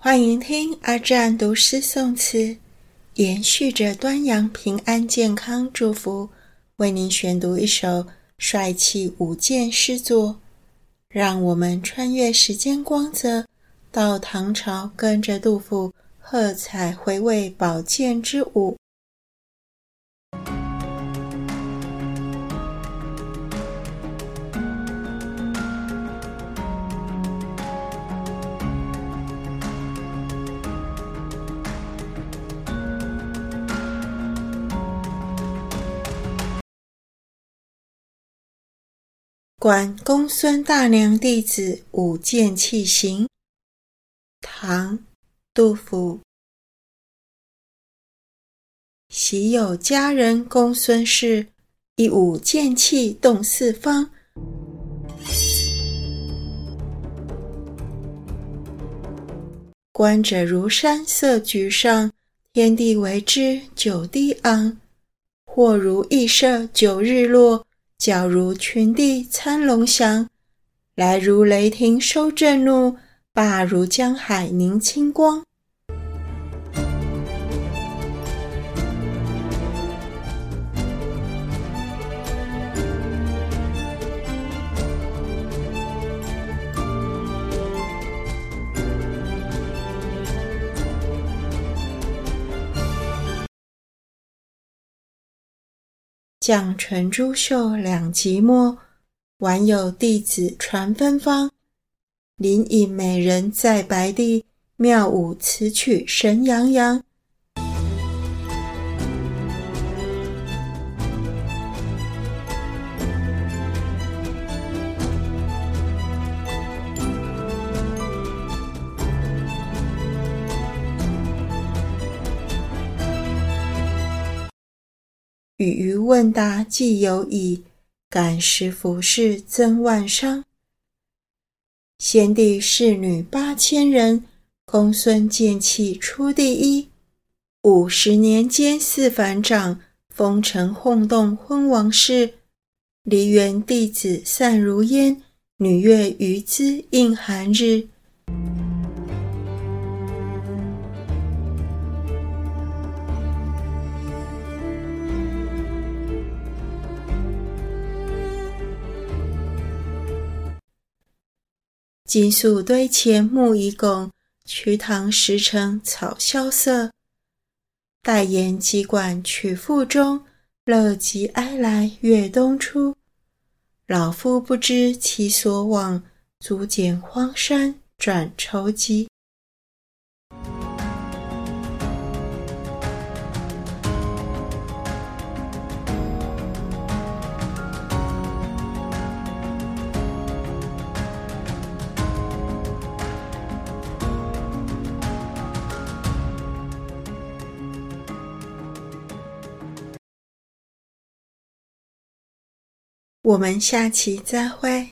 歡迎聽阿占讀詩誦詞，延續着端陽平安健康祝福，為您選讀一首帥氣舞劍詩作，讓我們穿越時間光澤，到唐朝跟着杜甫喝彩回味寶劍之舞。《觀公孫大娘弟子舞劍器行》唐·杜甫。昔有佳人公孫氏，一舞劍器動四方。觀者如山色沮喪，天地為之久低昂。霍如羿射九日落。矯如羣帝驂龍翔，來如雷霆收震怒，罷如江海凝清光。絳脣珠袖兩寂寞，晚有弟子傳芬芳。臨潁美人在白帝，妙舞此曲神揚揚。與餘問答既有以，感時撫事增惋傷。先帝侍女八千人，公孫劍器初第一。五十年間似反掌，風塵澒洞昏王室。梨園弟子散如煙，女樂餘姿映寒日。金粟堆前木已拱，瞿塘石城草蕭瑟。玳筵急管曲復終，樂極哀來月東出。老夫不知其所往，足繭荒山轉愁疾。我們下期再會。